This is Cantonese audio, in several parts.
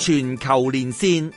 全球連線，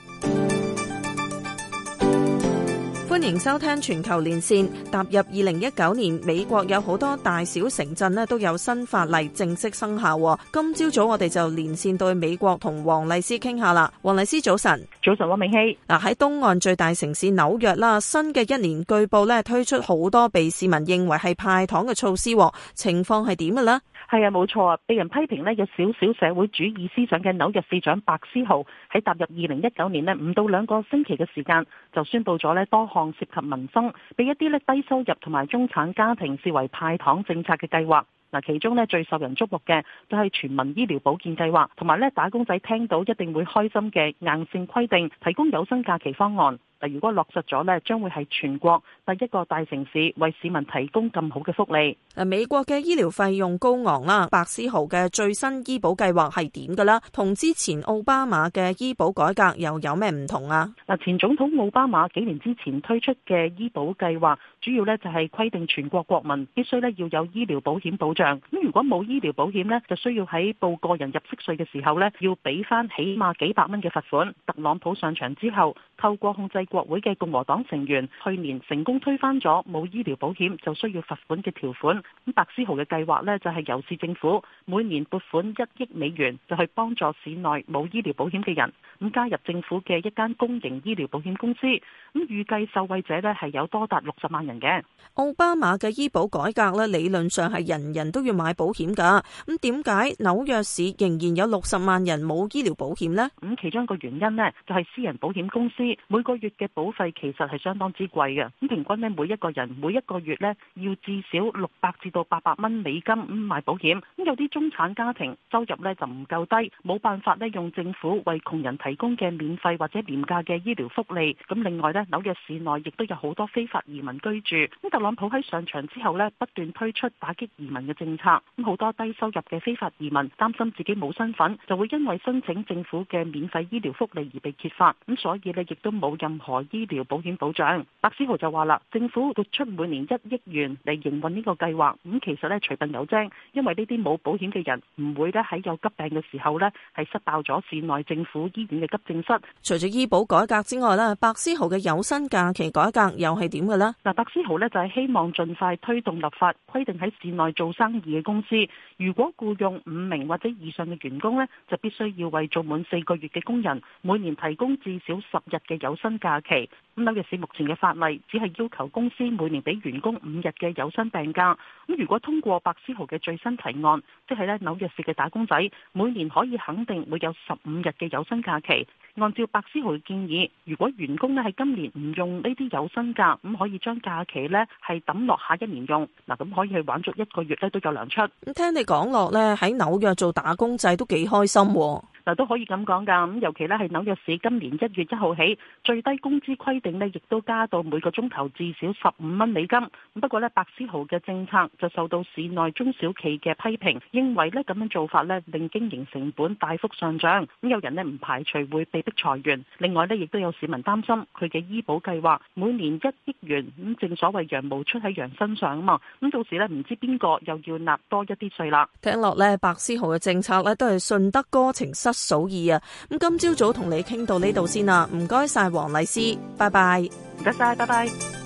歡迎收聽全球連線。踏入二零一九年，美國有好多大小城鎮呢都有新法例正式生效。今朝早我哋就連線對美國同黃麗施傾下啦。黃麗施早晨，早晨，汪溟曦。嗱喺東岸最大城市紐約啦，新嘅一年據報咧推出好多被市民認為係派糖嘅措施，情況係點嘅呢？係啊，冇錯啊！被人批評呢，有少少社會主義思想嘅紐約市長白思豪，喺踏入二零一九年呢唔到兩個星期嘅時間，就宣佈咗呢多項涉及民生，俾一啲呢低收入同埋中產家庭視為派糖政策嘅計劃。嗱，其中呢最受人矚目嘅就係全民醫療保健計劃，同埋呢打工仔聽到一定會開心嘅硬性規定，提供有薪假期方案。如果落實咗呢，將會係全國第一個大城市為市民提供咁好嘅福利。嗱，美國嘅醫療費用高昂啦，白思豪嘅最新醫保計劃係點噶啦？同之前奧巴馬嘅醫保改革又有咩唔同啊？嗱，前總統奧巴馬幾年之前推出嘅醫保計劃，主要呢就係規定全國國民必須呢要有醫療保險保障。咁如果冇醫療保險呢，就需要喺報個人入息稅嘅時候呢，要俾翻起碼幾百蚊嘅罰款。特朗普上場之後，透過控制。國會嘅共和黨成員去年成功推翻咗冇醫療保險就需要罰款嘅條款。咁白思豪嘅計劃呢，就係由市政府每年撥款一億美元，就去幫助市內冇醫療保險嘅人，咁加入政府嘅一間公營醫療保險公司。咁預計受惠者呢，係有多達六十萬人嘅。奧巴馬嘅醫保改革呢，理論上係人人都要買保險噶，咁點解紐約市仍然有六十萬人冇醫療保險呢？咁其中一個原因呢，就係私人保險公司每個月。嘅保費其實係相當之貴嘅，咁平均呢每一個人每一個月呢，要至少六百至到八百蚊美金咁買保險。咁有啲中產家庭收入呢就唔夠低，冇辦法呢用政府為窮人提供嘅免費或者廉價嘅醫療福利。咁另外呢，紐約市內亦都有好多非法移民居住。咁特朗普喺上場之後呢，不斷推出打擊移民嘅政策。咁好多低收入嘅非法移民擔心自己冇身份，就會因為申請政府嘅免費醫療福利而被揭發。咁所以呢，亦都冇任何醫療保險保障？白思豪就話啦，政府撥出每年一億元嚟營運呢個計劃，咁其實咧除笨有精，因為呢啲冇保險嘅人唔會咧喺有急病嘅時候咧係失爆咗市內政府醫院嘅急症室。除咗醫保改革之外咧，白思豪嘅有薪假期改革又係點嘅咧？嗱，白思豪咧就係希望盡快推動立法規定喺市內做生意嘅公司，如果僱用五名或者以上嘅員工咧，就必須要為做滿四個月嘅工人每年提供至少十日嘅有薪假。假期。咁紐約市目前嘅法例只係要求公司每年俾員工五日嘅有薪病假。咁如果通過白思豪嘅最新提案，即係咧紐約市嘅打工仔每年可以肯定會有十五日嘅有薪假期。按照白思豪嘅建議，如果員工呢喺今年唔用呢啲有薪假，咁可以將假期呢係抌落下一年用。嗱咁可以去玩足一個月呢都有糧出。聽你講落呢，喺紐約做打工仔都幾開心。嗱都可以咁講㗎，咁尤其呢係紐約市今年一月一號起最低工資規定呢亦都加到每個鐘頭至少十五蚊美金。不過呢，白思豪嘅政策就受到市內中小企嘅批評，認為呢咁樣做法呢令經營成本大幅上漲。咁有人呢唔排除會被逼裁員。另外呢，亦都有市民擔心佢嘅醫保計劃每年一億元。咁正所謂羊毛出喺羊身上啊嘛。咁到時呢唔知邊個又要納多一啲稅啦。聽落呢，白思豪嘅政策呢都係順得哥情失數二啊！咁今朝早同你傾到呢度先啦，唔該晒黃麗施，拜拜。唔該晒，拜拜。